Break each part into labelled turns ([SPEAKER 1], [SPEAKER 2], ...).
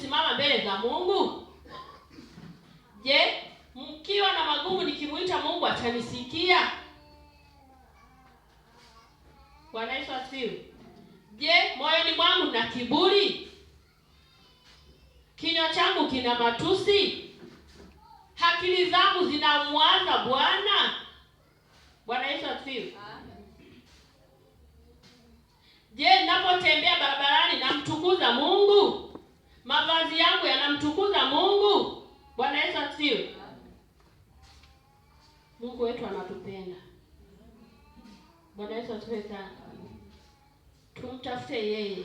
[SPEAKER 1] kusimama mbele za Mungu? Je, mkiwa na magumu nikimuita Mungu atanisikia? Bwana Yesu asifiwe. Je, moyoni mwangu na kiburi? Kinywa changu kina matusi? Akili zangu zinamwaza Bwana? Bwana Yesu asifiwe. Je, ninapotembea barabarani namtukuza Mungu? mavazi yangu yanamtukuza Mungu? Bwana Yesu asifiwe. Mungu wetu anatupenda. Bwana Yesu asifiwe sana. Tumtafute yeye.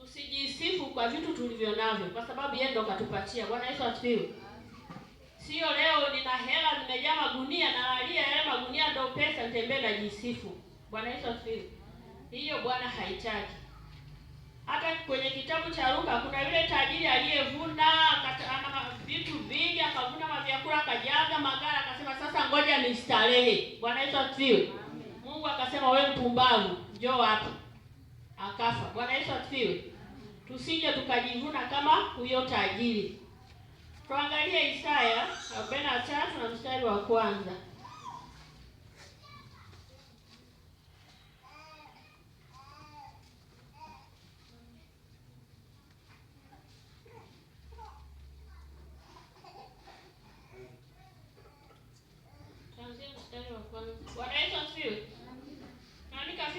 [SPEAKER 1] Tusijisifu kwa vitu tulivyo navyo, kwa sababu yeye ndo katupatia. Bwana Yesu asifiwe. Sio leo nina hela, nimejaa magunia, alia hela magunia, ndo pesa, nitembee jisifu Bwana Yesu asifiwe. Hiyo Bwana haitaki. Hata kwenye kitabu cha Luka kuna yule tajiri aliyevuna ana vitu vingi, akavuna mavyakula, akajaza magara, akasema sasa ngoja nistarehe. Bwana Yesu asifiwe. Mungu akasema wewe mpumbavu, njoo hapa. Akafa. Bwana Yesu asifiwe. Tusije tukajivuna kama huyo tajiri. Tuangalie Isaya 43 na mstari wa kwanza.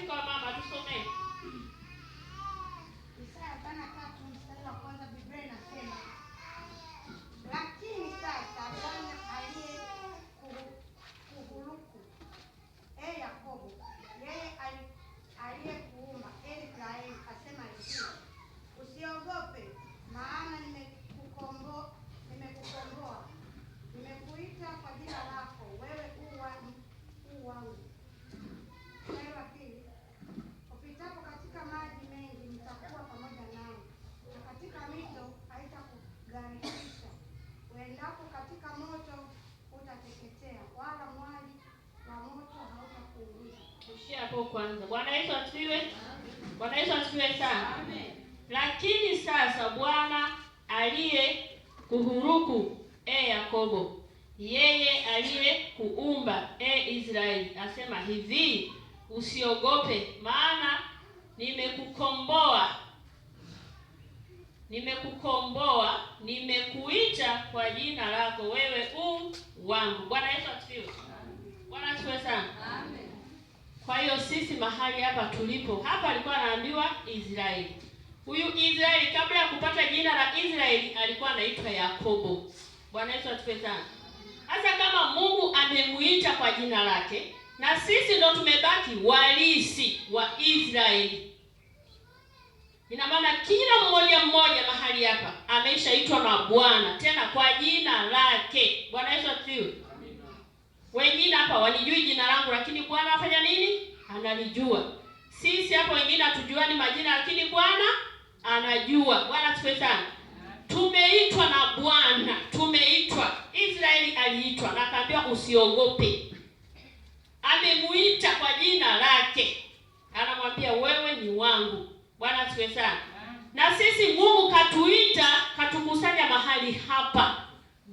[SPEAKER 1] kaikki kolme
[SPEAKER 2] hapo katika moto utateketea, wala mwali wa moto hautakuunguza.
[SPEAKER 1] Tushie hapo kwanza. Bwana Yesu asifiwe. Bwana Yesu asifiwe sana. Amen. Lakini sasa Bwana aliye kuhuruku, e Yakobo, yeye aliye kuumba, e Israeli, asema hivi, usiogope, maana nimekukomboa, nimekukomboa, nimeku kukutumikia kwa jina lako wewe u wangu. Bwana Yesu asifiwe. Bwana asifiwe sana. Amen. Kwa hiyo sisi mahali hapa tulipo hapa, alikuwa anaambiwa Israeli. Huyu Israeli kabla ya kupata jina la Israeli alikuwa anaitwa Yakobo. Bwana Yesu asifiwe sana. hasa kama Mungu amemuita kwa jina lake na sisi ndo tumebaki walisi wa Israeli, ina maana kila mmoja mmoja mahali ameshaitwa na Bwana tena kwa jina lake. Bwana Yesu asifiwe. Wengine hapa walijui jina langu, lakini Bwana afanya nini? Analijua. Sisi hapa wengine hatujuani majina, lakini Bwana anajua. Bwana asifiwe sana. Tumeitwa na Bwana, tumeitwa. Israeli aliitwa na akaambiwa usiogope, amemuita kwa jina lake, anamwambia wewe ni wangu. Bwana asifiwe sana.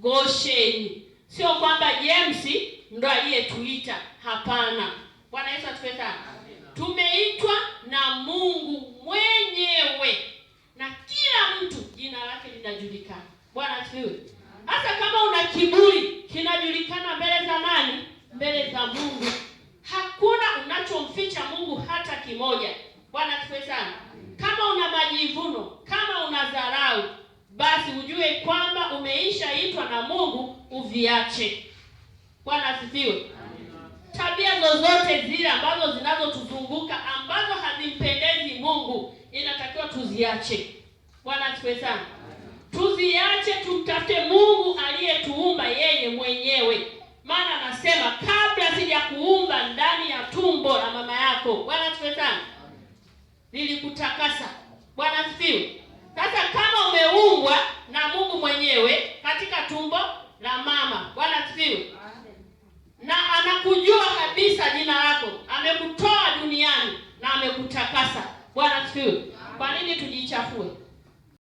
[SPEAKER 1] Gosheni. Sio kwamba James ndo aliyetuita, hapana. Bwana Yesu atupe sana. Tumeitwa na Mungu mwenyewe na kila mtu jina lake linajulikana. Bwana asifiwe. Hata kama una kiburi kinajulikana mbele za nani? Mbele za Mungu. Hakuna unachomficha Mungu hata kimoja. Bwana asifiwe sana. tusiziache. Bwana asifiwe. Tabia zozote zile ambazo zinazotuzunguka ambazo hazimpendezi Mungu inatakiwa tuziache. Bwana asifiwe sana. Tuziache, tumtafute Mungu aliyetuumba yeye mwenyewe, maana anasema kabla sijakuumba ndani ya tumbo la mama yako. Bwana asifiwe sana. Nilikuta anakujua kabisa jina lako, amekutoa duniani na amekutakasa. Bwana tu, kwa nini tujichafue?